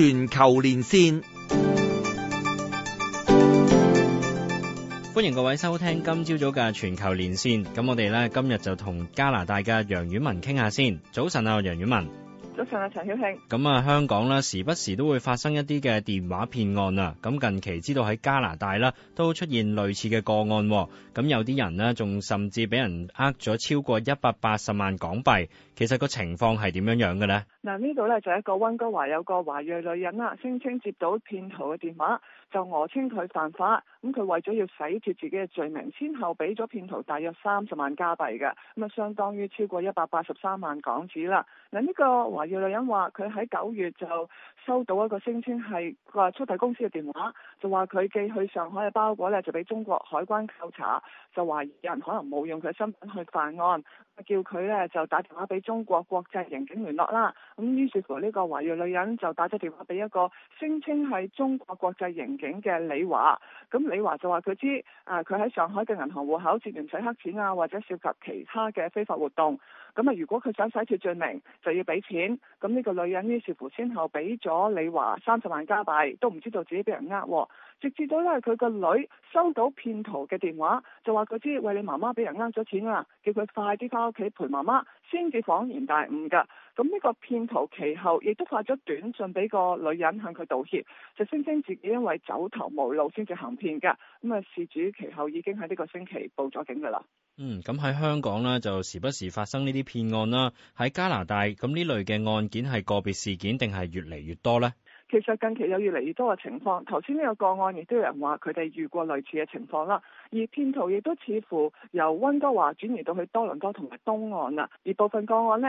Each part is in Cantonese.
全球連線，歡迎各位收聽今朝早嘅全球連線。咁我哋呢，今日就同加拿大嘅楊婉文傾下先。早晨啊，楊婉文。早晨啊，陳曉慶。咁啊，香港呢時不時都會發生一啲嘅電話騙案啊。咁近期知道喺加拿大啦，都出現類似嘅個案。咁有啲人呢，仲甚至俾人呃咗超過一百八十萬港幣。其實個情況係點樣樣嘅呢？嗱，呢度呢，就係一個溫哥華有個華裔女人啦，聲稱接到騙徒嘅電話。就訛稱佢犯法，咁佢為咗要洗脫自己嘅罪名，先後俾咗騙徒大約三十萬加幣嘅，咁啊相當於超過一百八十三萬港紙啦。嗱，呢個華裔女人話，佢喺九月就收到一個聲稱係話速遞公司嘅電話，就話佢寄去上海嘅包裹呢，就俾中國海關扣查，就懷疑有人可能冒用佢嘅身份去犯案，叫佢呢就打電話俾中國國際刑警聯絡啦。咁於是乎呢個華裔女人就打咗電話俾一個聲稱係中國國際刑警嘅李華，咁李華就話佢知，啊佢喺上海嘅銀行戶口涉嫌洗黑錢啊，或者涉及其他嘅非法活動。咁啊，如果佢想洗脫罪名，就要俾錢。咁呢個女人呢，似乎先後俾咗李華三十萬加幣，都唔知道自己俾人呃、啊。直至到呢，佢個女收到騙徒嘅電話，就話佢知，喂，你媽媽俾人呃咗錢啦，叫佢快啲翻屋企陪媽媽，先至恍然大悟噶。咁呢個騙徒其後亦都發咗短信俾個女人向佢道歉，就聲稱自己因為走投無路先至行騙噶。咁啊，事主其後已經喺呢個星期報咗警噶啦。嗯，咁喺香港呢，就時不時發生呢啲騙案啦。喺加拿大，咁呢類嘅案件係個別事件定係越嚟越多呢？其實近期有越嚟越多嘅情況，頭先呢個個案亦都有人話佢哋遇過類似嘅情況啦，而騙徒亦都似乎由溫哥華轉移到去多倫多同埋東岸啦，而部分個案呢，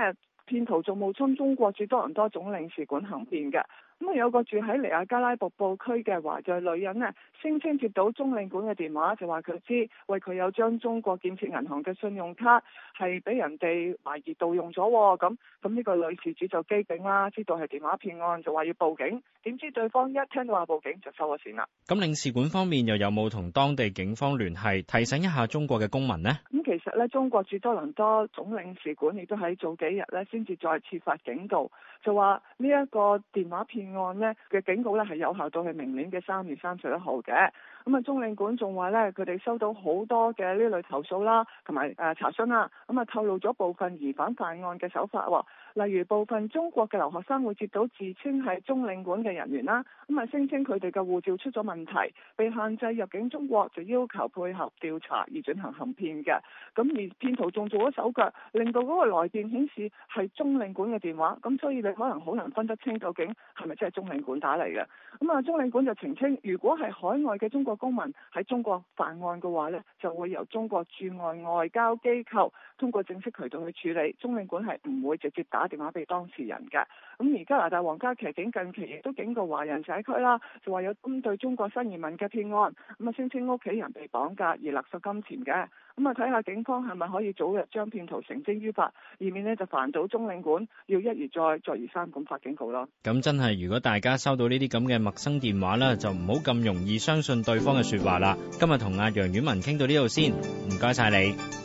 騙徒仲冒充中國駐多倫多總領事館行騙嘅，咁啊有個住喺尼亞加拉瀑布區嘅華裔女人呢，聲稱接到中領館嘅電話，就話佢知，為佢有張中國建設銀行嘅信用卡係俾人哋懷疑盜用咗喎，咁咁呢個女士就就機警啦，知道係電話騙案，就話要報警，點知對方一聽到話報警就收咗線啦。咁領事館方面又有冇同當地警方聯繫，提醒一下中國嘅公民呢？咁其實呢，中國駐多倫多總領事館亦都喺早幾日呢先。先至再次發警告，就話呢一個電話騙案呢嘅警告呢係有效到去明年嘅三月三十一號嘅。咁啊，中領館仲話呢，佢哋收到好多嘅呢類投訴啦，同埋誒查詢啦。咁啊，透露咗部分疑犯犯案嘅手法，哦，例如部分中國嘅留學生會接到自稱係中領館嘅人員啦，咁啊聲稱佢哋嘅護照出咗問題，被限制入境中國，就要求配合調查而進行行騙嘅。咁而騙徒仲做咗手腳，令到嗰個來電顯示係。中領館嘅電話，咁所以你可能好難分得清究竟係咪真係中領館打嚟嘅。咁啊，中領館就澄清，如果係海外嘅中國公民喺中國犯案嘅話呢，就會由中國駐外外交機構通過正式渠道去處理。中領館係唔會直接打電話俾當事人嘅。咁而加拿大皇家騎警近期亦都警告華人社區啦，就話有針對中國新移民嘅騙案，咁啊，聲稱屋企人被綁架而勒索金錢嘅。咁啊，睇下警方係咪可以早日將騙徒繩之於法，以免呢就煩到中領館要一而再、再而三咁發警告咯。咁真係，如果大家收到呢啲咁嘅陌生電話啦，就唔好咁容易相信對方嘅說話啦。今日同阿楊婉文傾到呢度先，唔該晒你。